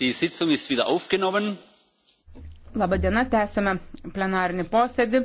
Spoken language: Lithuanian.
Labadiena, tęsime plenarinį posėdį.